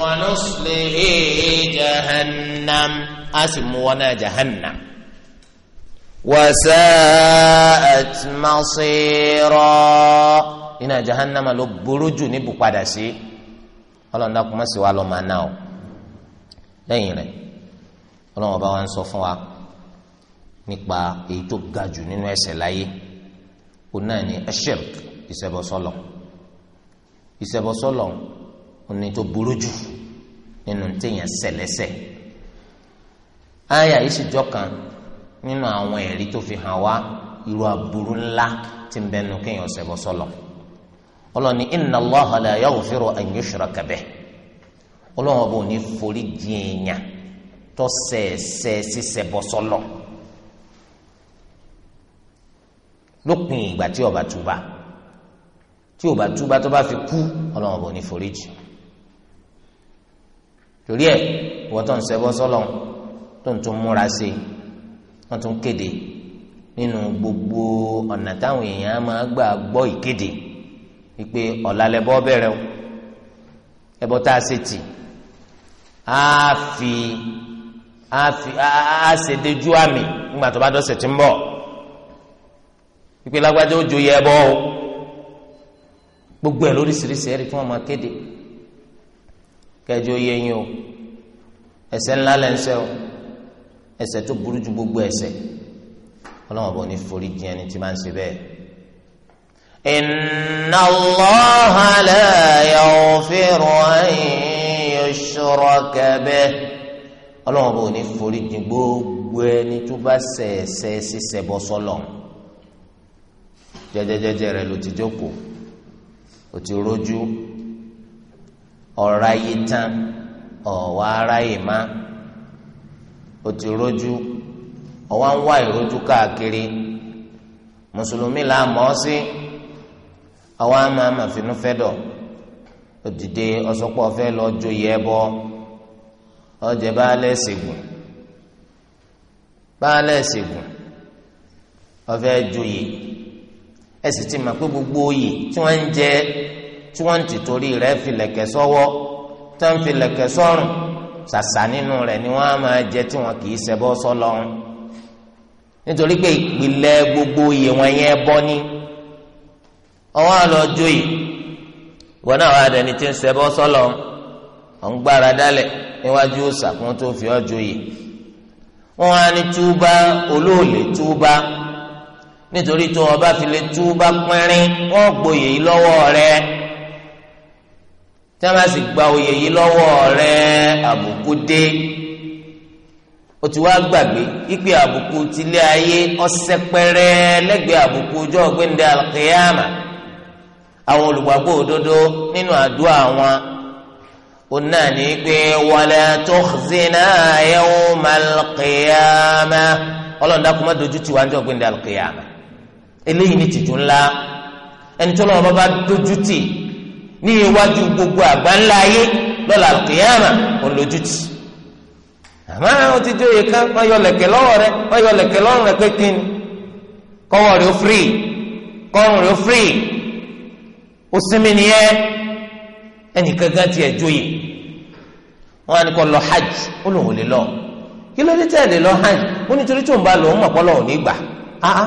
ونصله جهنم أسم ونا جهنم وساءت مصيرا إن جهنم لو بروجو نبو قدسي ọlọ́run dákun má sì wá lọ màá ná o lẹ́yìn rẹ̀ ọlọ́run ọba wa ń sọ fún wa nípa èyí tó ga jù nínú ẹ̀ṣẹ̀ láyé òun náà ni ẹṣẹ ìṣẹbọsọlọ. ìṣẹbọsọlọ òní tó burú jù nínú téèyàn ṣẹlẹsẹ àyà yìí sì jọkan nínú àwọn ẹ̀rí tó fi hàn wá irú aburú ńlá tí ń bẹnu kéèyàn ṣẹbọsọlọ ọlọ́ni inna Allaha la yaghfiru an yushraka ọlọ́wọ́n bò ní forí jìn èèyàn tó ṣẹ̀ṣẹ̀ tí ò bá túbá tó bá fi kú ọlọ́run ọ̀bọ̀ ní foríjì torí ẹ̀ wọ́n tó ń ṣẹbọ sọ́lọ́run tó ń tún múra sí i wọ́n tún kéde nínú gbogbo ọ̀nà táwọn èèyàn máa gbà gbọ́ ìkéde wípé ọ̀la bẹ̀rẹ̀ o ẹbọ tá a ṣe tì á fi á fi á ṣe déjú àmì nígbà tó bá dọ̀sẹ̀ tí ń bọ̀ wípé lágbájá ó joyè ẹbọ o gbogbo ẹ̀ lóríṣiríṣi ẹ̀rí kí wọ́n máa kéde kẹjọ yẹ yín o ẹ̀ṣẹ̀ ńlá lẹ́ńsẹ̀ o ẹ̀ṣẹ̀ tó burú ju gbogbo ẹ̀ṣẹ̀ ọlọ́wọ́n bọ̀ ní forí jìn ẹni tí máa ń ṣe bẹ́ẹ̀. inna Allaha la yaghfiru an yushraka bihi ọlọ́wọ́n bọ̀ ní forí jìn gbogbo ẹni tó bá ṣẹ̀ ẹ̀ṣẹ̀ bọ́ sọ́lọ̀ jẹ́jẹ́jẹ́jẹ́ rẹ̀ ló ti jókòó. o ti rojú ọ̀rá yìí tán ọ̀wá ara yìí má o ti rojú ọ̀wá ń wá ìrojú káàkiri mùsùlùmí là sí àwa máa mà finú fẹ́ dọ̀ ọ̀sọ́pọ̀ fẹ́ lọ joyè ẹbọ ọjẹ́ ti pé gbogbo oyè tí wọ́n ń tí wọ́n ń tìtorí rẹ̀ filẹ̀kẹ̀ sọ́wọ́ tó ń filẹ̀kẹ̀ sọ́rùn nínú rẹ̀ ni wọ́n á máa jẹ tí wọn kì í ṣẹbọ sọ́lọ́run nítorí pé ìpìlẹ̀ gbogbo iye wọn yẹn bọ́ ní ọwọ́ àlọ́jọ́ yìí wọn náà wà dẹni tí ń ṣẹbọ sọ́lọ́run ọ̀n gbára dálẹ̀ níwájú òṣàkún tó fi ọjọ́ yìí wọn á ní túbá olóòlè túbá nítorí tó ọba fi lè túbá pínrín wọn gbòye lọ́wọ́ rẹ̀ tí wọn bá sì gba oyè yìí lọ́wọ́ rẹ àbùkù dé o ti wá gbàgbé ipe àbùkù tilé ayé ọsẹ pẹrẹ lẹ́gbẹ̀ẹ́ àbùkù ọjọ́ ọgbẹndẹ alkiyama àwọn olùgbàgbọ́ òdodo nínú àdúrà wọn òun ní pé wala tukhzina yawmal qiyama ọlọ́run dákun má dojú tì wá ní alkiyama eléyìí ní tìjú ńlá lọ́wọ́ bá dojú tì ní iwájú gbogbo àgbáńlá ayé lọ́la kìyàmà olójútì àmọ́ àwọn ti jó yìí kan wọ́n yọ lẹ̀kẹ̀ lọ́wọ́ rẹ wọ́n yọ lẹ̀kẹ̀ lọ́rùn rẹ pé kọ́wọ́ rẹ ó firi kọ́rùn rẹ ó firi ó sinmi nìyẹn ẹnì kankan tiẹ̀ jó yìí wọ́n lọ hajj ó ò lè lọ kí ló dé tẹ́ ẹ̀ hajj ó nítorí tó ń bá mọ̀ pọ́ lọ́wọ́ nígbà áá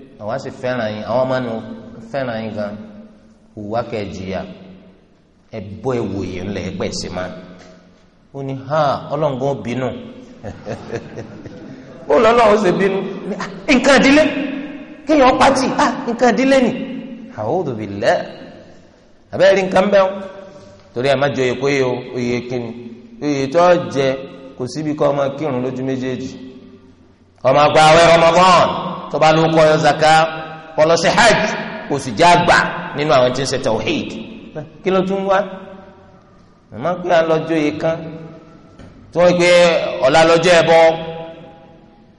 àwa sì fẹ́ràn yín àwọn ọmọ nu fẹ́ràn yín gan hùwà kẹjìyà ẹ bọ́ ẹ wòye ńlẹ̀ ó ní ha ọlọ́ngàn bínú ó lọ́lọ́run ṣe bínú nǹkan ìdílé kéèyàn pàtì ah, nǹkan ìdílé ni a'udhu billahi abẹ́rẹ́ nǹkan bẹ́ẹ̀ torí ẹ̀ má jọ oyè kóyè oyè kíni oyè tó jẹ kò síbi kọ́ ọmọ kírun lójú méjèèjì ọmọ gba tọba ló kọ yọ zaka kọlọsẹ hajj kò sì já gbà nínú àwọn tí ń ṣe tawhid kí ló tún wá màmá pé à ń lọ́jọ́ yìí kan tí wọ́n gbé ọ̀la lọ́jọ́ ẹ̀ bọ́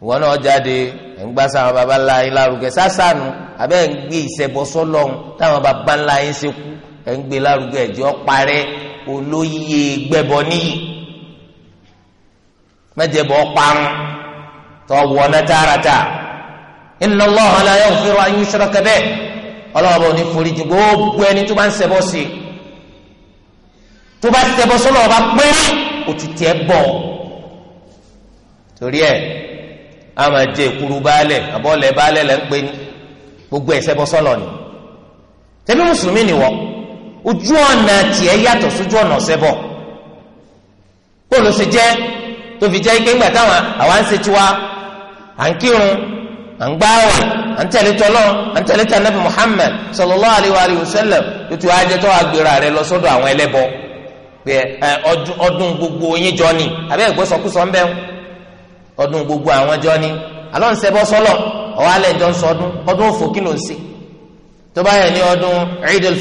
ìwọ náà jáde ẹ̀ ń gbá sáwọn baba ńlá yín lárugẹ sásànù abẹ́ ẹ̀ ń gbé ìṣẹ̀bọ sọ́lọ́hún táwọn baba ńlá yín ṣe kú ẹ̀ ń gbé lárugẹ ẹ̀jẹ̀ ọ̀parẹ́ olóyè gbẹ̀bọ níyì mẹ́jẹ̀ bọ́ parun tọ́ wọ́n náà tààràtà inna Allaha la yaghfiru an yushraka bihi ọlọ́wọ́ ò ní foríjì gbogbo ẹni tó bá ń ṣẹbọ sí i tó bá ṣẹbọ sọ́lọ́ ọba pé òtítì ẹ bọ̀ torí ẹ a máa jẹ ìkuru baálẹ̀ abọ́lẹ̀ baálẹ̀ lẹ́ ń pè ní gbogbo ẹ̀ ṣẹbọ sọ́lọ́ ni tẹ́bí mùsùlùmí ni wọ́n ojú ọ̀nà tiẹ̀ yàtọ̀ sójú ọ̀nà ṣẹbọ bó ló ṣe jẹ́ tó fi jẹ́ ike ńgbà táwọn àwa ń ṣe tiwa à ń kírun à ń gbáwà à ń tẹ̀lé tọ́lọ́ à ń tẹ̀lé tànàbí Muhammad sallallahu alayhi wa alihi wa sallam tó ti wáá jẹ́ tó wàá gbéra rẹ lọ sọ́dọ̀ àwọn ẹlẹ́bọ pé ọdún gbogbo yín jọ ni àbẹ́ ìgbọ́sọkúsọ ń bẹ́ ọdún gbogbo àwọn jọ ni àlọ́ ń sẹ́bọ́ sọ́lọ̀ ọ̀wá ń sọdún ọdún òfò kí ló ń ṣe tó bá yẹ ní ọdún Eid al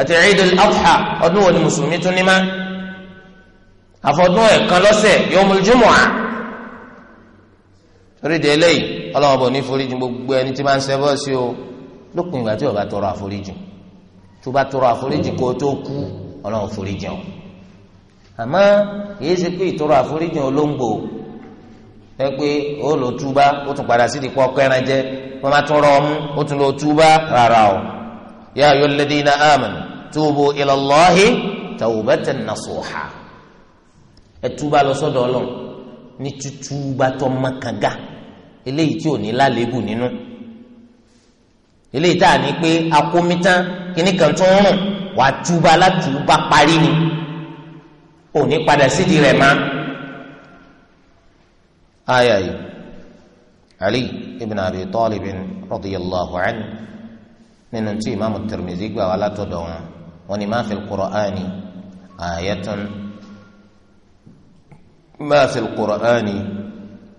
àti Eid al ọdún wo ni mùsùlùmí tún ní má àfọdún ẹ̀kan lọ́sẹ̀ Yawmul torí de eléyìí ọlọ́wọ́ bò ní foríjì gbogbo ẹni tí máa ń sí o lópin ìgbà tí o bá tọrọ àforíjì tó bá tọrọ àforíjì kó o tó kú ọlọ́wọ́ foríjì o àmọ́ èyí ṣe pé ìtọrọ àforíjì ẹ pé lò túbá tún padà sí máa tọrọ ọmú ó tún lò túbá rárá o yá ayọ lẹdínà amẹn túbú ilallahi tàwùbẹ́tẹ̀ ẹ eléyìí tí ò ní lálébù nínú eléyìí tá a ní pé akómitán kíní kan tó ń rùn wà á túba látúba parí ni ò ní padà sídìí rẹ̀ má. aya yìí ali ibn abi talib radiyallahu anhu nínú tí imaamu tirmidhi gbà wà látọ̀dọ̀ wọn wọn ni máa fi qur'ani ayatun máa fi qur'ani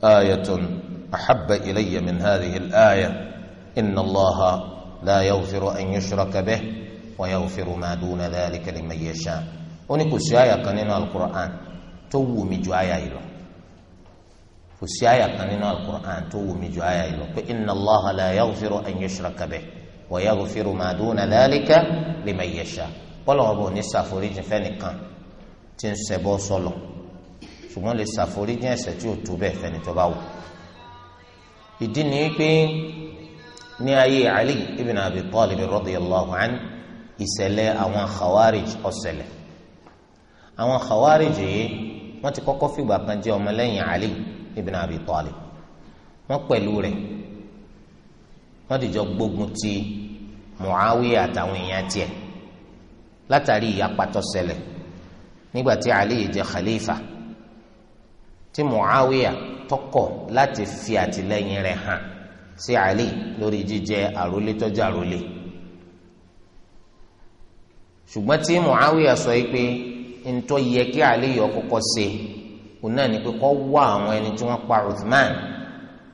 ayatun. أحب إلي من هذه الآية إن الله لا يغفر أن يشرك به ويغفر ما دون ذلك لمن يشاء oni kò sí àyà kan nínú alukur'an tó wù mí ju àyà yìí lọ kò sí àyà kan nínú alukur'an tó wù mí ju àyà yìí lọ pé inna allah la yaghfiru an yushraka bih wa yaghfiru ma duna dhalika liman yasha bọ́lá wọn bò ní ṣàforíjì fẹ́nìkan tí ń ṣẹbọ sọlọ ṣùgbọ́n lè ṣàforíjì ẹ̀ṣẹ̀ tí ò tó bẹ́ẹ̀ fẹ́ni tó bá wù ìdí ni wípé ní ayé ali ibn abi talib radiyallahu anhu ìṣẹ̀lẹ̀ àwọn khawarij ó ṣẹlẹ̀ àwọn khawarij yìí wọ́n ti kọ́kọ́ fìgbà kan jẹ́ ọmọlẹ́yìn ali ibn abi talib wọ́n pẹ̀lú rẹ̀ wọ́n dìjọ gbógun ti muawiya àtàwọn èèyàn tiẹ̀ látàrí ìyapa tó nígbà tí ali yìí jẹ́ khalifa tí muawiya tọkọ láti fi àtìlẹ́yìn rẹ̀ hàn sí ali lórí jíjẹ àrólé tọjú àrólé ṣùgbọ́n tí muawiya sọ yìí pé ntọ yẹ kí ali yọ kọ́kọ́ ṣe kò náà ní pé kó wá àwọn ẹni tí wọ́n pa uthman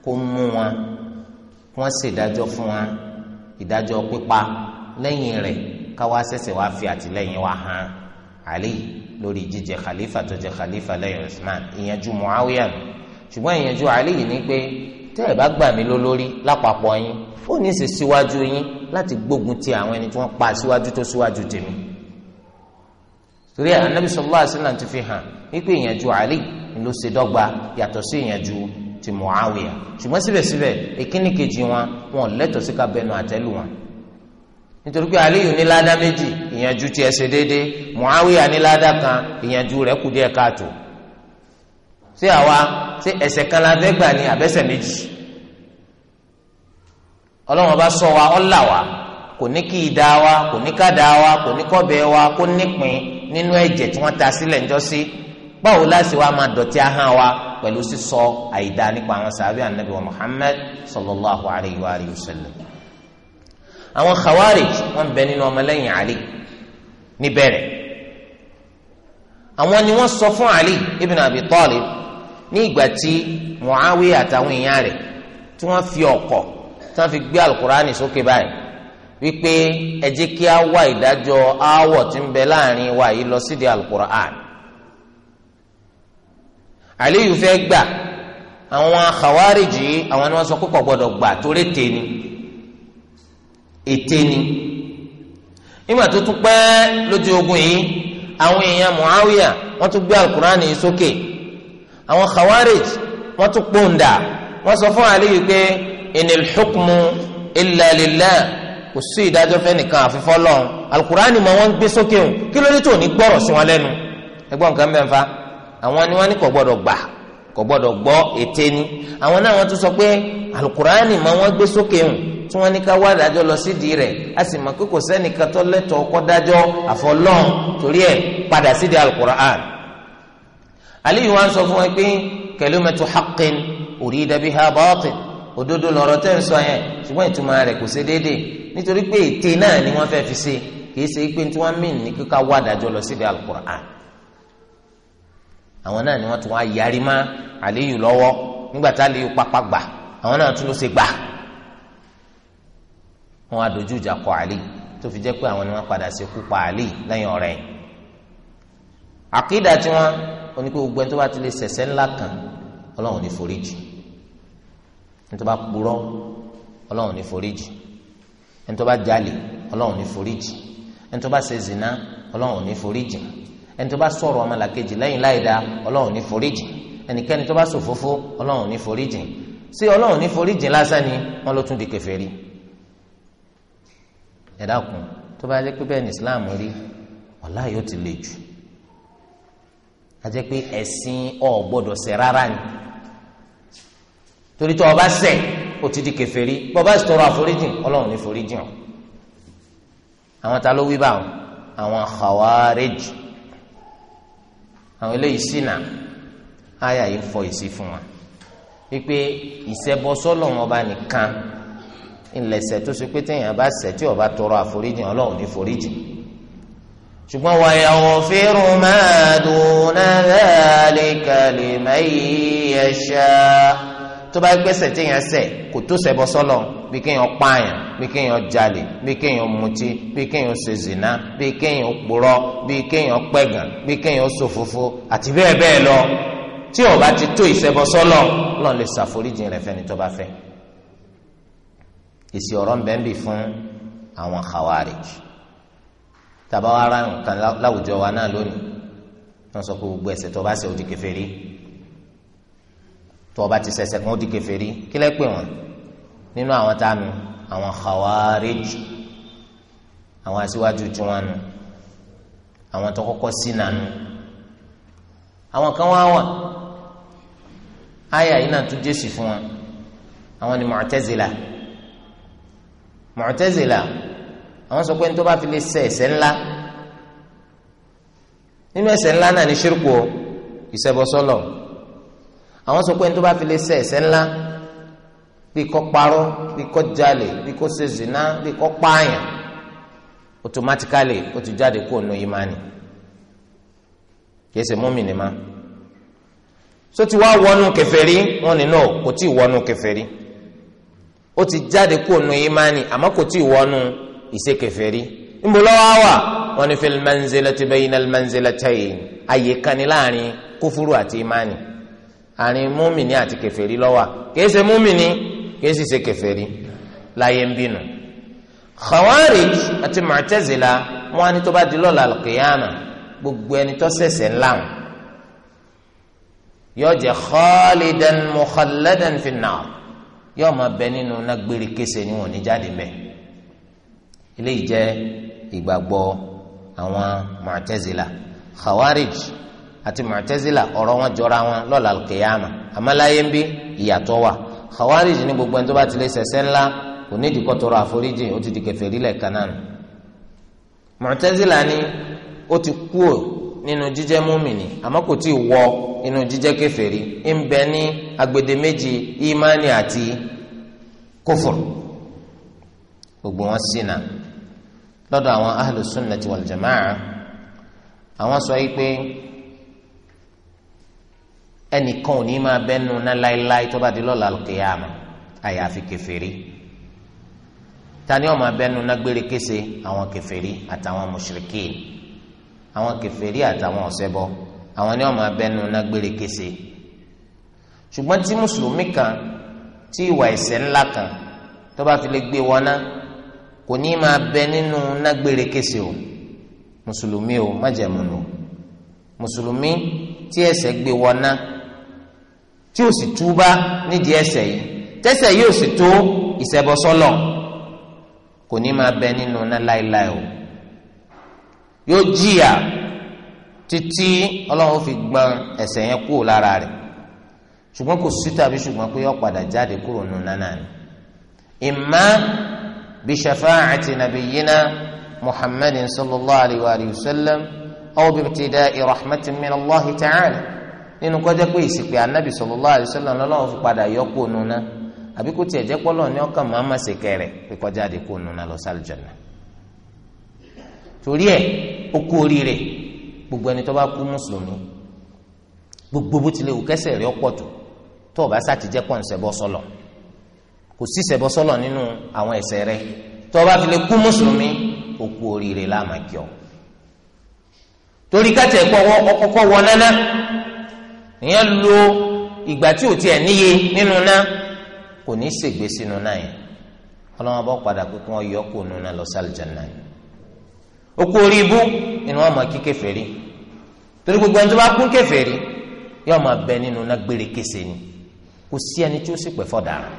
kó mú wọn kó wọ́n ṣèdájọ́ fún wọn ìdájọ́ pípa lẹ́yìn rẹ̀ káwá ṣẹ̀ṣẹ̀ wá fi àtìlẹ́yìn wa hàn ali lórí jíjẹ khalifa tó jẹ khalifa lẹ́yìn usman ìyànjú muawiya nù ṣùgbọ́n ìyànjú ali yìí ni pé tẹ́ ẹ bá gbà mí lólórí lápapọ̀ yín ó ní í ṣe síwájú yín láti gbógun ti àwọn ẹni tí wọ́n pa síwájú tó síwájú tèmi torí anabi sallallahu alaihi wasallam ti fi hàn wípé ìyànjú ali ló ṣe dọ́gba yàtọ̀ sí ìyànjú ti muawiya ṣùgbọ́n síbẹ̀síbẹ̀ ìkíni kejì wọn wọn lẹ́tọ̀ọ́ sí ká bẹnu àtẹ́lù wọn nítorí pé aliyu ní ládá méjì ìyànjú tiẹ̀ ṣe déédéé muawiya ní ládá kan ìyànjú rẹ̀ kù díẹ̀ káàtó ṣé àwa ṣé ẹsẹ̀ kan la fẹ́ gbà ní àbẹ́sẹ̀ méjì ọlọ́run ọba sọ wa ọ̀là wa kò ní kí ìdá wa kò ní kádà wa kò ní kọ́bẹ̀ wa kó nípìn nínú ẹ̀jẹ̀ tí wọ́n ta sílẹ̀ ńjọ́ sí báwo láti wá máa dọ̀tí ahọ́n wa pẹ̀lú sísọ àìdá nípa àwọn sàbẹ̀ ànábì Muhammad sallallahu alayhi wa àwọn khawarij wọ́n bẹ nínú ọmọlẹ́yìn ali níbẹ̀rẹ̀ àwọn ni wọ́n sọ fún ali ibn abi talib ní ìgbà tí muawiya àtàwọn èèyàn rẹ̀ tí wọ́n fi ọ̀kọ̀ tí wọ́n fi gbé alukurani sókè báyìí wípé ẹ jẹ́ kí a wá ìdájọ́ aáwọ̀ tí ń bẹ láàrin wa yìí lọ sídìí alukurani aliyu fẹ́ gbà àwọn khawarij àwọn ni wọ́n sọ pé kò gbọ́dọ̀ gbà torí tèmi ète ni nígbà tó tún pẹ́ lójú ogun yìí àwọn èèyàn muawiya wọ́n tún gbé alukur'an yìí sókè àwọn khawarij wọ́n tún pòǹdà wọ́n sọ fún aliyu pé inil hukmu illa lillah kò sí ìdájọ́ fẹ́nìkan àfi f'Ọlọ́run alukur'an mọ̀ wọ́n ń gbé sókè o kí ló tó ní gbọ́rọ̀ sí wọn lẹ́nu ẹgbọ́n nǹkan bẹ́ẹ̀ fa àwọn ni wọ́n ní kò gbọ́dọ̀ gbà kò gbọ́dọ̀ gbọ́ ète ni àwọn náà wọ́n tún sọ pé alukur'an mọ̀ wọ́n gbé sókè o tí wọ́n ní ká wá dájọ́ lọ sídìí rẹ̀ a sì mọ̀ pé kò sẹ́nìkan tó lẹ́tọ̀ọ́ kọ́ dájọ́ àfọlọ́n torí ẹ̀ padà sídìí alukur'an. aliyu wa ń sọ fún wọn pé kalimatu haqqin urida biha batil òdodo lọ̀rọ̀ tẹ́ ń sọ yẹn ṣùgbọ́n ìtumọ̀ rẹ̀ kò ṣe déédéé nítorí pé ète náà ni wọ́n fẹ́ fi ṣe kì í ṣe pé tí wọ́n mìn ní kíkà wá dájọ́ lọ sídìí alukur'an. àwọn náà ni wọ́n tún wá yarí má aliyu lọ́wọ́ nígbà tá aliyu pápá gbà àwọn náà tún ló ṣe gbà wọn á dojú ìjà kọ àlì tó fi jẹ́ pé àwọn ni wọ́n padà ṣekú pa àlì lẹ́yìn ọ̀rẹ́ yìí àkídà tiwọn oníkó gbogbo ẹni tó bá ti lè ṣẹ̀ṣẹ̀ ńlá kan ọlọ́run ní foríjì ẹni tó bá purọ́ ọlọ́run ní foríjì ẹni tó bá jalè ọlọ́run ní foríjì ẹni tó bá ṣe zina ọlọ́run ní foríjì ẹni tó bá sọ̀rọ̀ ọmọlàkejì lẹ́yìn láìda ọlọ́run ní foríjì ẹnikẹ́ni tó bá ṣòfófó ọlọ́run ní foríjì sí ọlọ́run ní foríjì lásán ni wọ́n ló tún di kèfèrí ẹ dákun tó bá yẹ pé bẹ́ẹ̀ ni islam rí ọ̀la yóò ti le jù ajẹ́ pé ẹ̀sìn ọ̀ gbọ́dọ̀ ṣe rárá ni torí tó o bá ṣẹ̀ o ti di kèfèrí bó o àforíjìn ọlọ́run ní foríjìn àwọn ta ló wí báwọn àwọn khawarij àwọn eléyìí ṣìnà àyà yìí fọ ìsí fún wa wípé ìṣẹ́bọ sọ́lọ́run ọba nìkan ńlẹ̀sẹ̀ tó ṣe pé téèyàn bá ṣẹ̀ tí ó bá tọrọ àforíjì ọlọ́run ní foríjì ṣùgbọ́n wa yaghfiru ma duna dhalika liman yasha tó bá gbẹ́sẹ̀ téèyàn ṣẹ̀ kò tó ṣẹbọ sọ́lọ̀ bí kéèyàn pààyàn bí kéèyàn jalè bí kéèyàn mutí bí kéèyàn ṣe bí kéèyàn purọ́ bí kéèyàn pẹ̀gàn bí kéèyàn ṣòfófó àti bẹ́ẹ̀ bẹ́ẹ̀ lọ tí ó ti tó ìṣẹbọ sọ́lọ̀ lọ́n lè ṣàforíjì rẹ̀ fẹ́ni tó bá fẹ́ èsì ọ̀rọ̀ ń bẹ́ẹ̀ bì fún àwọn khawarij tàbá wa ra nǹkan láwùjọ wa náà lónìí wọ́n sọ pé gbogbo ẹ̀ṣẹ̀ tó bá ṣe ó di kèfèrí tó bá ti ṣẹ̀ṣẹ̀ kan ó di kèfèrí kí lẹ́ pè wọ́n nínú àwọn tá àwọn khawarij àwọn aṣíwájú tí wọ́n nu àwọn tó kọ́kọ́ sí nànú àwọn kan wá wà áyà yìí náà tún jésì fún wọn àwọn ni Mu'tazila. Mu'tazila àwọn sọ pé ní tó bá fi lè ṣe ẹ̀ṣẹ̀ ńlá nínú ẹ̀ṣẹ̀ ńlá náà ní ṣírkù ìṣẹbọsọlọ àwọn sọ pé ní tó bá fi lè ṣe ẹ̀ṣẹ̀ ńlá bí kó parọ́ bí kó jalè bí kó ṣe zina bí kó pààyàn automatically ó ti jáde kó nu imani kìí ṣe mùmínì ma so ti wá wọnú kèfèrí wọn ni náà kò tí ì wọnú kèfèrí. No, ó ti jáde kó nu imani àmọ́ kò tí ì wọnú ìṣe kèfèrí níbo lọ́wọ́ wà wọ́n ní fil manzilati bayna al manzilatayn àyè kan ní láàrin kófúrú àti imani àárín múmìnì àti kèfèrí lọ́wọ́ kìí ṣe múmìnì kìí sì ṣe kèfèrí láyé ń bínú. khawarij àti mu'tazila wọn á tó bá di lọ́la al gbogbo ẹni tó ṣẹ̀ṣẹ̀ ńláwọn yóò jẹ́ khalidan mukhalladan yóò máa bẹ nínú nágbére kése ni wọn ò ní jáde mbẹ eléyìí jẹ ìgbàgbọ́ àwọn mọ̀tẹ́zìlà khawarij àti mọ̀tẹ́zìlà ọ̀rọ̀ wọn jọra wọn lọ́la kìyàmà àmàláyé ń bí ìyàtọ̀ wà khawarij ní gbogbo ẹni tó bá ti lè ńlá kò ní ìdíkọ́ tọrọ àforíjì ó ti di kèfèrí lẹ́ẹ̀kan náà mọ̀tẹ́zìlà ni ó ti kú nínú jíjẹ́ múmìnì àmọ́ kò tí ì wọ inú jíjẹ́ kèfèrí ń bẹ ní agbedeméjì ìmánì àti kófòr gbogbo wọn ṣìnà lọ́dọ̀ àwọn ahlu sunnati wal jamaa àwọn sọ yìí pé ẹnìkan ò ní máa bẹ́nu ná láéláé tó bá di lọ́la al-qiyama àyàfi kèfèrí tani ó máa bẹ́nu ná gbére kése àwọn kèfèrí àtàwọn mushrikeen àwọn kèfèrí àtàwọn ọ̀ṣẹbọ àwọn ni wọ́n máa bẹnu nágbére kése ṣùgbọ́n tí mùsùlùmí kan tí ìwà ẹ̀ṣẹ̀ ńlá kan tó bá fi lè gbé wọná kò ní máa bẹ nínú nágbére kése o mùsùlùmí o májẹ̀múnu mùsùlùmí tí ẹ̀ṣẹ̀ gbé wọná tí ó sì túbá nídìí ẹ̀ṣẹ̀ yìí tẹ́ṣẹ̀ yìí ó sì tó ìṣẹbọ kò ní máa bẹ nínú ná láéláé o yóò jìyà títí ọlọ́run fi gbọn ẹ̀ṣẹ̀ yẹn kúrò lára rẹ̀ ṣùgbọ́n kò sí tàbí ṣùgbọ́n pé yọ padà jáde kúrò nù nánà ni. imma bi shafa'ati nabiyyina muhammadin sallallahu alayhi wa alihi wa sallam aw bi ibtida'i rahmatin min allah ta'ala nínú kọjá pé ìsìnkú anabi sallallahu alayhi wa sallam lọ́lọ́run fi padà yọ kúrò nù náà àbí tiẹ̀ jẹ́ pọ́lọ́ ní ọkàn máa ma ṣe kẹrẹ̀ pé kọjá de nù náà lọ torí ẹ̀ ó kú oríire gbogbo ẹni tó bá kú mùsùlùmí gbogbo bó tilẹ̀ wù kẹsẹ̀ rẹ̀ ọ̀pọ̀ tó tó o bá sàtìjẹ́ pọ̀ nsẹ̀bọ sọlọ kò sí sẹ̀bọ sọlọ nínú àwọn ẹ̀ṣẹ̀ rẹ̀ tó o bá tilẹ̀ kú mùsùlùmí ó kú oríire láàmàkíọ́ torí kẹtẹ̀ pọ̀wọ́ ọkọ̀kọ̀ wọ nánà ìyẹn lo ìgbà tí ò tiẹ̀ níye nínú náà kò ní í ṣègbè sínú náà yẹn ọlọ́wọ́n bá padà pé kí wọ́n yọ kó nínú náà lọ sí àlùjánnà yẹn okú orí ibú ni wọ́n máa kí kèfèrí torí gbogbo ẹni tó bá kún kèfèrí yóò máa bẹ nínú nágbére kése ni kò sí ẹni tí ó sì pẹ̀ fọ́daràn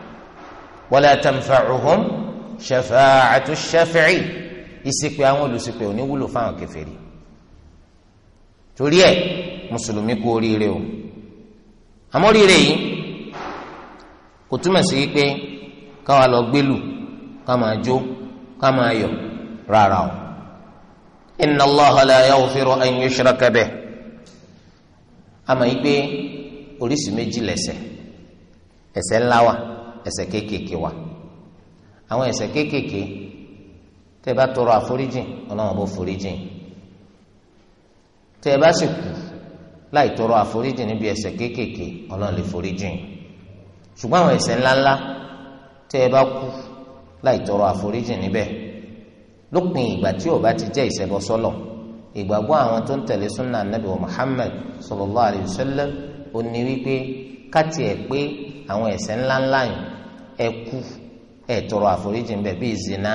wala tanfa'uhum shafa'atu shafi'i ìṣìpẹ̀ àwọn olùṣìpẹ̀ ò ní wúlò fáwọn kèfèrí torí ẹ̀ mùsùlùmí kú oríire o àmọ́ yìí kò túmọ̀ sí pé káwa lọ gbélù ká máa jó ká máa yọ̀ rárá o inna Allaha la yaghfiru an yushraka bihi àmọ́ yìí pé oríṣìí méjì lẹ́ṣẹ̀ ẹ̀ṣẹ̀ ńlá wa, ẹ̀ṣẹ̀ kéékèèké wa. àwọn ẹ̀ṣẹ̀ kéékèèké tẹ́ bá tọrọ àforíjìn Ọlọ́run bó foríjìn tẹ́ bá sì kú láì tọrọ àforíjìn níbi ẹ̀ṣẹ̀ kéékèèké Ọlọ́run lè foríjìn ṣùgbọ́n àwọn ẹ̀ṣẹ̀ ńláńlá tẹ́ bá kú láì tọrọ lópin ìgbà tí ó bá ti jẹ́ ìṣẹbọ sọ́lọ̀ ìgbàgbọ́ àwọn tó ń tẹ̀lé súnà nàbì wa Muhammad sallallahu alayhi wa sallam ó ní wípé káti ẹ̀ pé àwọn ẹ̀ṣẹ̀ ńláńlá yìí ẹ kú ẹ tọrọ àforíjì ń bẹ bíi zina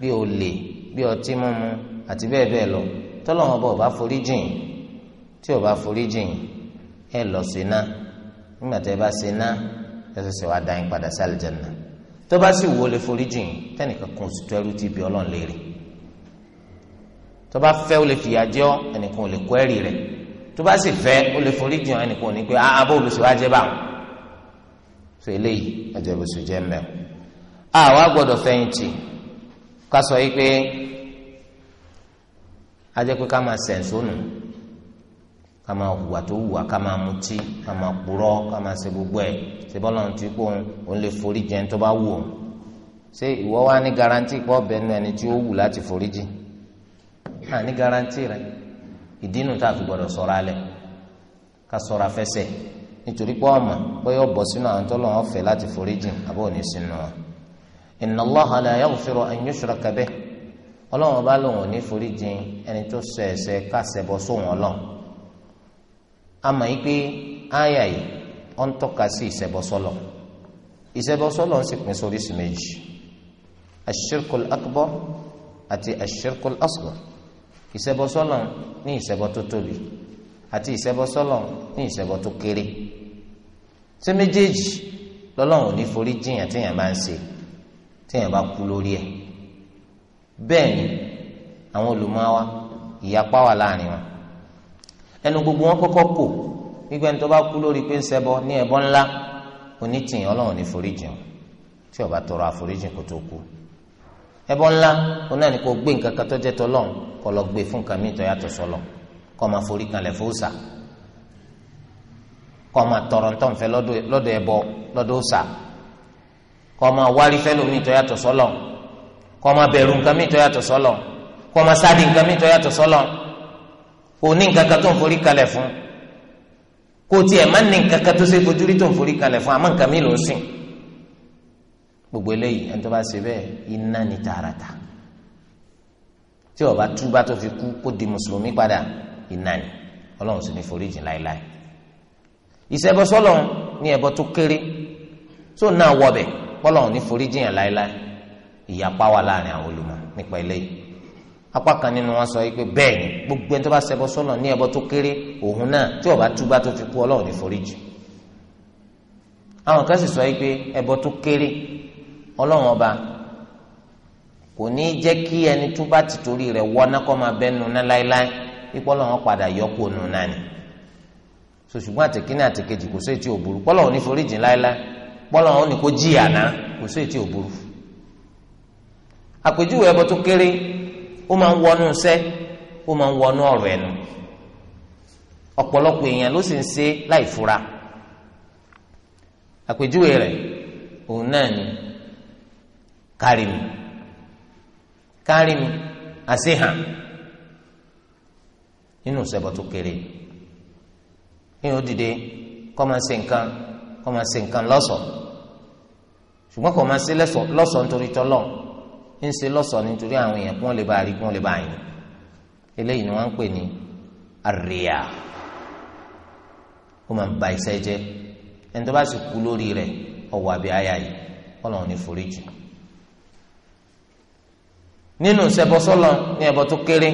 bíi olè bíi ọtí mímu àti bẹ́ẹ̀ bẹ́ẹ̀ lọ tọ́lọ́wọ́n bá ọba foríjì yìí tí ọba foríjì yìí ẹ lọ síná nígbà tí ẹ bá síná ẹ sọsẹ wàá dá yín padà sí àlùjánnà tó bá sì wọlé foríjì yìí tẹnìkan kan sì tó ẹrú ti bí ọlọ́run léèrè tó bá fẹ́ ó lè fìyà jẹ ọ́ ẹnìkan ò lè kó ẹ̀rí rẹ̀ tó bá sì fẹ́ ó lè forí jìn ọ́ ẹnìkan ò ní pé ah bó olùsèwájẹ́ bá wọn so eléyìí ẹ̀jẹ̀ bó sùn jẹ́ mẹ́rin àwa gbọ́dọ̀ fẹ̀yìntì ká sọ yìí pé ajẹ́ pé ká máa sẹ̀nsó nù ká máa hùwà tó hùwà ká máa mutí ká máa kpúrọ́ ká máa ṣe gbogbo ẹ̀ ṣe bọ́lá ohun tí kò ń lè forí jẹun tó wù ọ́ ṣé ìwọ wá ní garanti pọ̀ bẹ́ẹ̀ ẹni tí ó wù láti forí jìn à ní garanti rẹ ìdínú tá a fi gbọ́dọ̀ ṣọ́ra alẹ ká ṣọ́ra fẹsẹ̀ nítorí pé ọmọ bóyá ó bọ́ sínú àwọn tọ́lọ́ wọn fẹ́ láti foríjì àbọ̀ òní sínú wọn. inna Allaha la yaghfiru an yushraka bihi ọlọ́run bá lòun ò ní foríjì ẹni tó ṣẹ̀ ẹ̀ṣẹ̀ ká ṣẹbọ sóhun ọlọ́run. àmọ́ yìí pé áyà yìí ó ń tọ́ka sí ìṣẹbọ sọ́lọ̀ ń sì pín sóríṣi méjì ashirkul akbar àti ashirkul asghar ìṣẹbọ sọ́lọ̀ ní ìṣẹbọ tó tóbi àti ìṣẹbọ sọ́lọ̀ ní ìṣẹbọ tó kéré ṣé méjèèjì lọ́lọ́run ò ní forí jiyàn téèyàn bá ń ṣe téèyàn bá kú lórí ẹ̀ bẹ́ẹ̀ ni àwọn olùmọ̀wá ìyapa wà láàrin wọn ẹnu gbogbo wọn kọ́kọ́ kò nígbà tó bá kú lórí pé ń ṣẹbọ ní ẹbọ ńlá onítìyàn Ọlọ́run ní foríjìn tí ó tọrọ àforíjìn kó tó kú ẹbọ ńlá ó náà ní kó gbé nǹkan kan tó jẹ́ tọlọ́run kó lọ gbé fún nǹkan míì tó yàtọ̀ sọlọ kó máa forí kanlẹ̀ fóòsà kó máa tọrọ ntọ́nfẹ́ lọ́dọ̀ ẹbọ lọ́dọ̀ òòsà kó máa wárí fẹ́lómi tó yàtọ̀ sọlọ kó máa bẹ̀rù nǹkan míì tó yàtọ̀ sọlọ kó máa sáàdì nǹkan míì tó yàtọ̀ sọlọ kò ní nǹkan kan tó ń forí kanlẹ̀ fún kò tiẹ̀ má ní nǹkan kan tó ṣe fojú tó ń forí kanlẹ̀ fún àmọ́ nǹkan míì ló ń sìn gbogbo eléyìí ẹni tó bá ṣe bẹ́ẹ̀ iná ni tààràtà tí ó bá túbá tó fi kú kó di mùsùlùmí padà iná ni ọlọ́run sì ní foríjì láéláé ìṣẹ́bọ sọ́lọ̀ ní ẹ̀bọ tó kéré tó náà wọbẹ̀ pọ́lọ́run ní foríjì yẹn láéláé ìyapa wà láàrin àwọn olùmọ̀ nípa eléyìí apá kan nínú wọn sọ pé bẹ́ẹ̀ ni gbogbo ẹni tó bá ṣẹbọ sọ́lọ̀ ní ẹ̀bọ tó kéré òun náà tí ó bá túbá tó fi kú ọlọ́run ní foríjì àwọn kan sì sọ pé ẹ̀bọ tó kéré ọlọ́run ọba kò ní jẹ́ kí ẹni tó bá ti torí rẹ̀ wọ́ná kọ́ máa bẹ́ nu láéláé ipò padà yọkó nu náà ni so àtẹ̀kínní àtẹ̀kejì kò sí ètí òbúrú pọ́lọ̀ foríjì láéláé pọ́lọ̀ òní kò kò àpèjúwe ẹbọ tó kéré ó máa ń wọnú ó máa ń wọnú ẹnu ọ̀pọ̀lọpọ̀ èèyàn ló sì ń Karimi, Karimi kárí mi àṣehàn nínú ìṣẹ́bọ tó kéré nínú dìde kọ́ máa ṣe nǹkan kọ́ máa ṣe nǹkan lọ́sọ̀ọ́ ṣùgbọ́n kọ́ máa ṣe lọ́sọ̀ọ́ nítorí tọ́lọ́ ń ṣe lọ́sọ̀ọ́ nítorí àwọn èèyàn kí wọ́n lè bá a rí kí lè bá a yìn eléyìí ni wọ́n ń pè ní àríyá ó máa ba iṣẹ́ ẹni tó bá sì kú lórí rẹ̀ ọ̀wọ́ àbí àyà yìí ọlọ́run ní foríjì nínú ṣẹbọ ní ẹbọ tó kéré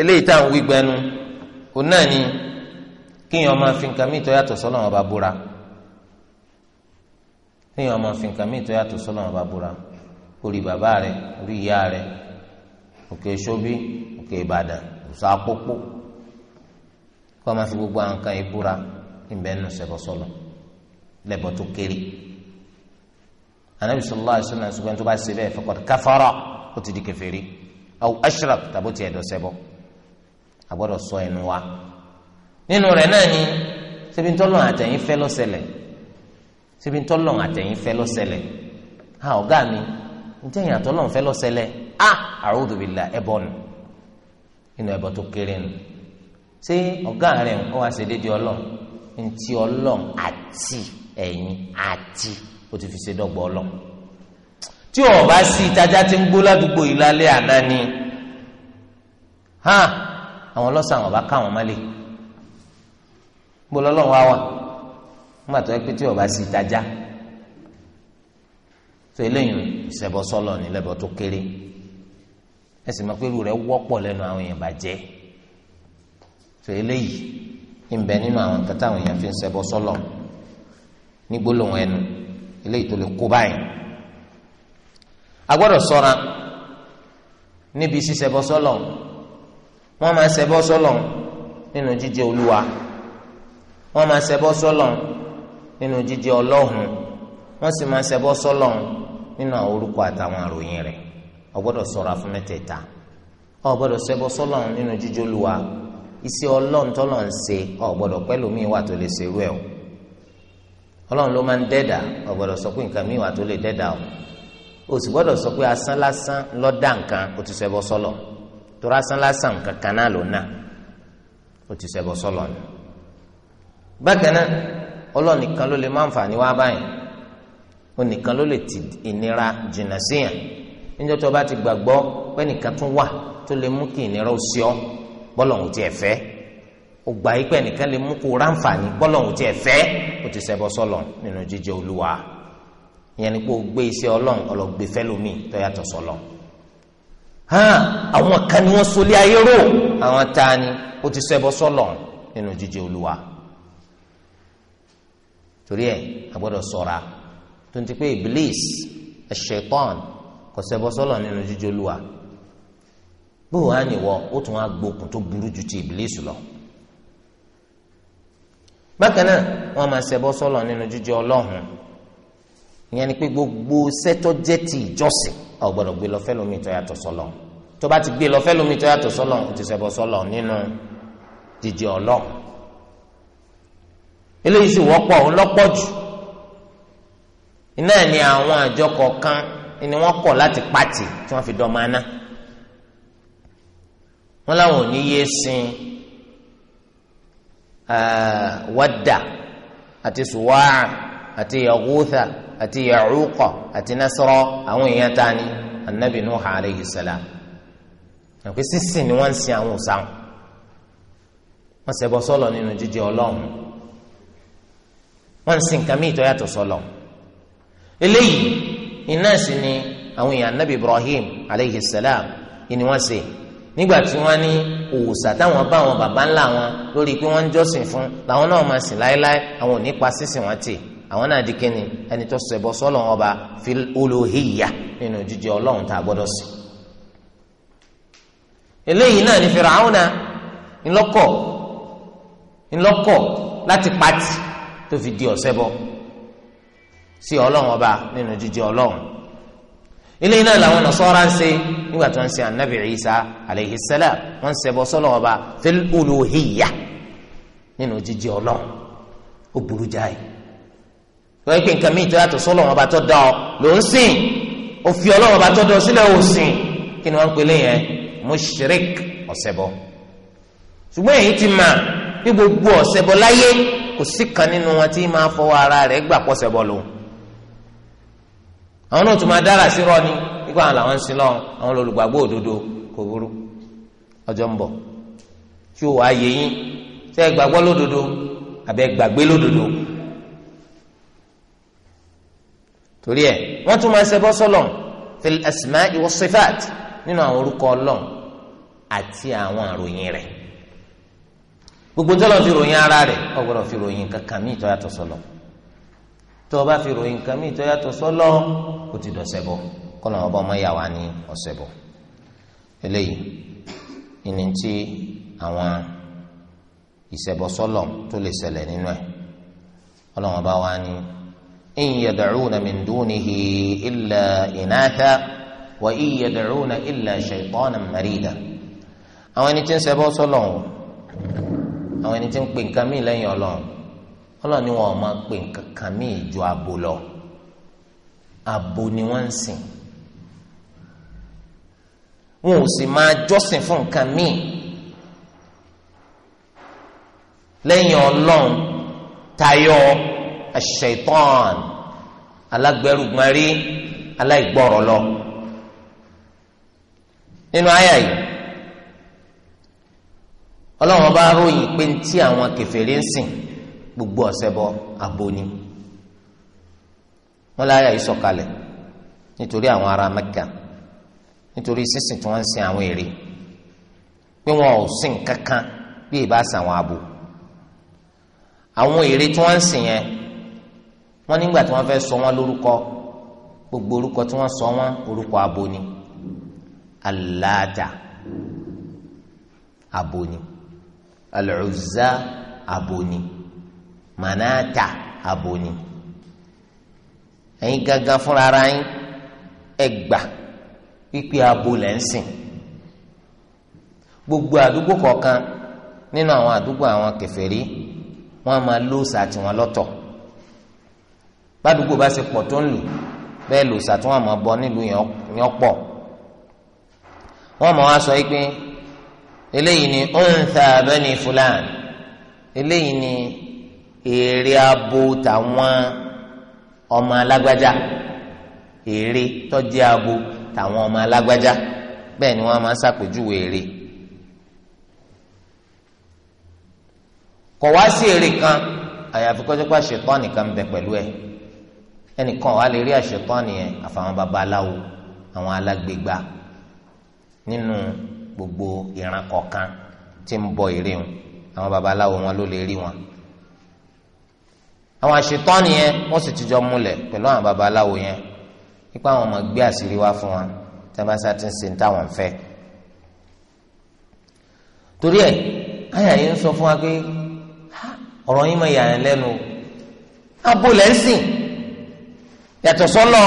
eléyìí tá à ń wí gbẹnu òun náà ni kíyàn máa fi nǹkan mìíràn yàtọ̀ sọlọ wọn bá búra kíyàn máa fi nǹkan mìíràn yàtọ̀ sọlọ wọn bá búra orí bàbá rẹ orí ìyá rẹ òkè ṣóbí òkè ìbàdàn òsà àpòpò kó máa fi gbogbo àwọn kan ìbúra ìbẹ́nu ṣẹbọ sọlọ lẹ́bọ̀ tó kéré anabi sallallahu alayhi wa sallam sọgbọn tó bá ṣe bẹ́ẹ̀ faqad kafara ó ti di kèfèrí aw ashraf tàbó tiẹ̀ dọ̀sẹ̀bọ̀ àgbọ́dọ̀ sọ ẹnu wa nínú rẹ̀ náà ni ṣebí ntọ́lọ́ àtẹ̀yìn fẹ́ lọ́sẹ̀lẹ̀ ṣebí ntọ́lọ́ àtẹ̀yìn fẹ́ lọ́sẹ̀lẹ̀ ha ọ̀gá mi ntẹ̀yìn àtọ́lọ́ fẹ́ lọ́sẹ̀lẹ̀ a a'udhu billahi ẹbọ nù inú ẹbọ tó kéré nù ṣé ọ̀gá rẹ̀ ń kọ́ wa ṣe déédéé ọlọ́run ó ti fi ṣe dọ́gba ọlọ tí ó bá sí ìtajà tí ń gbó ládùúgbò yìí lálẹ́ àná ni hàn àwọn ọlọ́sàn àwọn bá káwọn má lè gbó lọ́lọ́run wá wà nígbà tó yẹ pé tí ó bá sí ìtajà tó eléyìí ìṣẹ̀bọ sọlọ nílẹ̀bọ tó kéré ẹsìn máa pé irú rẹ̀ wọ́pọ̀ lẹ́nu àwọn èèyàn bàjẹ́ tó eléyìí ń bẹ nínú àwọn nǹkan táwọn èèyàn fi ń ṣẹbọ sọlọ ní gbólóhùn ẹnu. eléyìí tó lè kó báyìí a gbọ́dọ̀ sọra níbi sísẹbọ sọlọ wọn máa sẹbọ sọlọ nínú jíjẹ olúwa wọn máa ṣẹbọ sọlọ nínú jíjẹ ọlọ́hun wọn sì máa ṣẹbọ sọlọ nínú àwọn orúkọ àtàwọn àròyìn rẹ̀ a gbọ́dọ̀ ṣọ́ra fún mẹ́tẹ̀ẹ̀ta a gbọ́dọ̀ ṣẹbọ sọlọ nínú jíjẹ olúwa iṣẹ́ Ọlọ́run tọlọ ń ṣe a gbọ́dọ̀ pẹ̀lú mi wà tó lè ṣerú ẹ o. ọlọ́run ló máa ń dẹ́dà ọ̀gbọ́dọ̀ sọ pé nǹkan míì wà tó lè dẹ́dà o o sì gbọ́dọ̀ sọ pé asán lásán lọ́dà nǹkan o ti ṣẹbọ sọ́lọ̀ torí asán lásán nǹkan kan náà ló ná o ti ṣẹbọ sọ́lọ̀ ni. bákan náà ọlọ́run nìkan ló lè máa ń fà ní wá báyìí o nìkan ló lè ti ìnira jìnnà síyàn níjọ́ tó o bá ti gbàgbọ́ pé nìkan tún wà tó lè mú kí ìnira ó sí ọ bọ́lọ̀ ò tiẹ̀ fẹ́ẹ́ ó gbà yí pé ẹnìkan lè mú kó ráǹfààní bọ́lọ̀hún tiẹ̀ fẹ́ ó ti ṣẹbọ sọ́lọ̀ nínú jíjẹ olúwa ìyẹn ni pé ó gbé iṣẹ́ ọlọ́run ọlọ́gbé fẹ́ lómi tó yàtọ̀ sọ́lọ̀ hàn àwọn kan ni wọ́n solé ayé rò àwọn ta ni ó ti ṣẹbọ sọ́lọ̀ nínú jíjẹ olúwa torí ẹ a gbọ́dọ̀ ṣọ́ra tó ń ti pé iblis ẹ̀ṣẹ̀tàn kò ṣẹbọ sọ́lọ̀ nínú jíjẹ olúwa bó wàá nìwọ ó tún wá gbókun tó burú ju ti iblis lọ bákan náà wọn máa ṣẹbọ sọlọ nínú jíjẹ Ọlọ́run ìyẹn ni pé gbogbo sẹtọ jẹ ti ìjọsìn ọ gbọ́dọ̀ gbé lọ fẹlómi tó yàtọ̀ sọlọ tó bá ti gbé lọ fẹlómi tó yàtọ̀ sọlọ o ti ṣẹbọ sọlọ nínú jíjẹ Ọlọ́run eléyìí sì wọ́pọ̀ ọlọ́pọ̀ jù iná ni àwọn àjọ kọ̀ọ̀kan ni wọ́n kọ̀ láti pàtì tí wọ́n fi dọ́mọ aná wọn làwọn ò ní yé sin wadda àti suwaa àti yaguutha àti yacuuqa àti nasro àwọn èèyàn ta ni anabi nuuxa aleyhi salaam àpè sísìn ni wọ́n ń sin àwọn òsàn wọ́n ṣẹbọ sọlọ nínú jíjẹ Ọlọ́run wọ́n ń sin nǹkan míì yàtọ̀ sọlọ eléyìí iná sì ni àwọn èèyàn anabi ibrahim aleyhi salaam ni wọ́n sè é nígbà tí wọ́n ní òòṣà táwọn bá àwọn baba ńlá wọn lórí pé wọ́n ń jọ́sìn fún làwọn náà máa sìn láéláé àwọn ò ní pa sísìn wọn tì àwọn náà di kíni ẹni tó ṣẹbọ sọ́lọ̀ wọn ọba fi olóhìyà nínú jíjẹ ọlọ́run tá a gbọ́dọ̀ sìn. eléyìí náà ni Fìràwọ́nà ńlọ́kọ̀ ńlọ́kọ̀ láti pati tó fi di ọ̀ṣẹbọ sí ọlọ́run ọba nínú jíjẹ ọlọ́run eléyìí náà làwọn nasọ́ra ń ṣe nígbà tó ń ṣe anabi isa aleyhi salam wọ́n ń ṣẹbọ sọ́lọ́ ọba fil uluhiyya nínú jíjí ọlọ́run ó burú jáì wọ́n pe nǹkan mìíràn tó yàtọ̀ sọ́lọ́ ọba tó dá ọ ló ń sìn ó fi ọlọ́run ọba tó dá ọ sílẹ̀ ó sìn kí ni wọ́n ń pè léyìn mushrik ọ̀ṣẹbọ ṣùgbọ́n èyí ti mà bí gbogbo ọ̀ṣẹbọ láyé kò sí kan nínú wọn tí máa fọwọ́ ara rẹ̀ gbà pọ̀ ṣẹbọ lòun àwọn náà tún máa dára sí rọ ni nígbà àwọn làwọn ń sin lọ àwọn olùgbàgbọ́ òdodo kò burú ọjọ́ ń bọ̀ tí ó wàá yẹ yín ṣé ẹ gbàgbọ́ lódodo àbẹ gbàgbé lódodo torí ẹ wọ́n tún máa ń ṣẹbọ sọlọ fil asma'i was sifat nínú àwọn orúkọ Ọlọ́run àti àwọn àròyìn rẹ̀ gbogbo ńlọrọ fi ròyìn ara rẹ̀ ọgbọdọ fi ròyìn kankan míì tó sọlọ tó o bá fi ròyìn nǹkan míì tó yàtọ̀ sọ́lọ́ kò ti dọ̀sẹ̀ bọ̀ kọ́ làwọn ọba ọmọ yà wá ní ọ̀sẹ̀ bọ̀ eléyìí ìní tí àwọn ìṣẹ̀bọ̀ sọ́lọ̀ tó lè ṣẹlẹ̀ nínú ẹ̀ ọlọ́wọ́n bá wá ní in yad'una min dunihi illa inatha wa in yad'una illa shaytanan marida àwọn ẹni tí ń ṣẹ̀bọ̀ sọ́lọ̀ àwọn ẹni tí ń pè nǹkan míì lẹ́yìn ọlọ́run ọlọ́run ni wọn máa pè kankan ní ìjọ abo lọ abo ni wọ́n ń sìn wọn ò sì máa jọ́sìn fún nǹkan míì lẹ́yìn ọlọ́run tayọ aṣ-ṣaitan alágbẹrùgbọ́nrí aláìgbọ́rọ̀ lọ nínú àyà yìí ọlọ́run bá ròyìn pé ní tí àwọn kèfèrí ń sìn gbogbo ọ̀sẹ̀ bọ aboni wọn láyà ìsọ̀kalẹ̀ nítorí àwọn ará Mẹ́kà nítorí sísìn tí wọ́n ń sin àwọn èrè pé wọn ò sìn kankan bí ìbá sàn àwọn abo àwọn èrè tí wọ́n ń sìn yẹn wọ́n nígbà tí wọ́n fẹ́ sọ wọ́n lórúkọ gbogbo orúkọ tí wọ́n sọ wọ́n orúkọ abo ni aláàtà abo ni alùzá Al manata abo ni ẹ̀yin gangan fúnra ara yín ẹgbà pípé abo lẹ ń gbogbo àdúgbò kọ̀ọ̀kan nínú àwọn àdúgbò àwọn wọn wọ́n máa lóòsà tiwọn lọ́tọ̀ bádùgbò bá ṣe pọ̀ tó ń lù bẹ́ẹ̀ bọ nílùú máa wá sọ yìí pé eléyìí ni ó ń ta èrè abo tàwọn ọmọ alágbájá èrè tọ́jú abo tàwọn ọmọ alágbájá bẹ́ẹ̀ ni wọ́n máa ń ṣàpèjúwe èrè. kọ̀ wá sí èrè kan àyàfi kọjá pa ṣètọ́ nìkan ń bẹ pẹ̀lú ẹ̀ ẹnìkan wà lè rí àṣetọ́ nìyẹn àfàwọn babaláwo àwọn alágbègbà nínú gbogbo ìran kọ̀ọ̀kan tí ń bọ èrè wọn àwọn babaláwo wọn ló lè rí wọn àwọn àṣetọ́ni yẹn wọ́n sì ti jọ múlẹ̀ pẹ̀lú àwọn babaláwo yẹn nípa àwọn ọmọ gbé àṣírí wá fún wa tẹ́másá ti ń ṣe ní táwọn fẹ́. torí ẹ̀ àyà yìí ń sọ fún wa pé ọ̀rọ̀ yín mọ̀ yàrá lẹ́nu abo lẹ́ ń sìn yàtọ̀ sọ́nà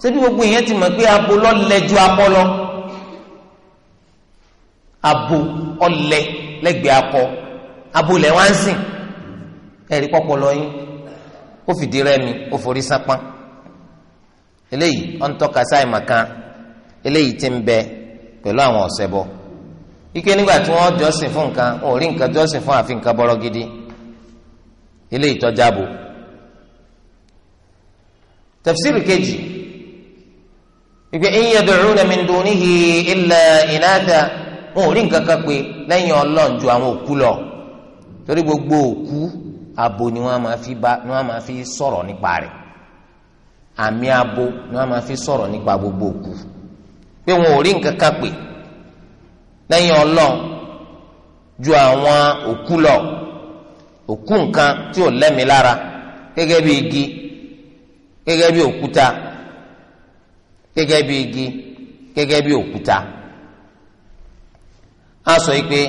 ṣebí gbogbo yẹn ti mọ̀ pé abo lọ́lẹ̀ ju akọ lọ abo ọlẹ̀ lẹ́gbẹ̀ẹ́ akọ abo lẹ́ wá ń sìn. ẹ̀rí pọ́pọ́ lọ yín ó fìdí rẹmi ó forí sápá eléyìí ọ̀n tọ́ka sáì màkan eléyìí ti ń bẹ pẹ̀lú àwọn ike nígbà tí wọ́n jọ́sìn fún nǹkan rí nǹkan gidi eléyìí bò kejì ìgbé in yad'una min dunihi illa inatha wọn ò rí nǹkan kan pé lẹ́yìn àwọn òkú lọ torí abo ni wọ́n máa fi bá ni wọ́n máa fi sọ̀rọ̀ nípa rẹ̀ àmì abo ni wọ́n máa fi sọ̀rọ̀ nípa gbogbo òkú pé wọn ò rí nǹkan kan pè lẹ́yìn Ọlọ́run ju àwọn òkú lọ òkú nǹkan tí ò lẹ́mìí lára gẹ́gẹ́ bí igi gẹ́gẹ́ bí òkúta gẹ́gẹ́ bí igi gẹ́gẹ́ bí òkúta a sọ yìí pé.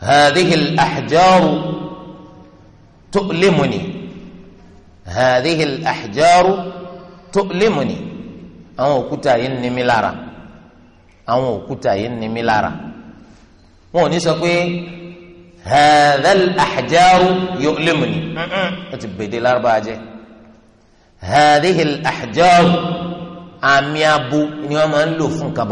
هذه الأحجار تؤلمني هذه الأحجار تؤلمني àwọn òkúta yìí ń ni mí lára àwọn òkúta yìí ń ni mí lára wọn ò ní sọ pé hadhal ahjaru yu'limuni ó ti bèdè lárúbá jẹ hadhihil ahjaru àmì abo ni wọn máa ń lò fún kabọrọ.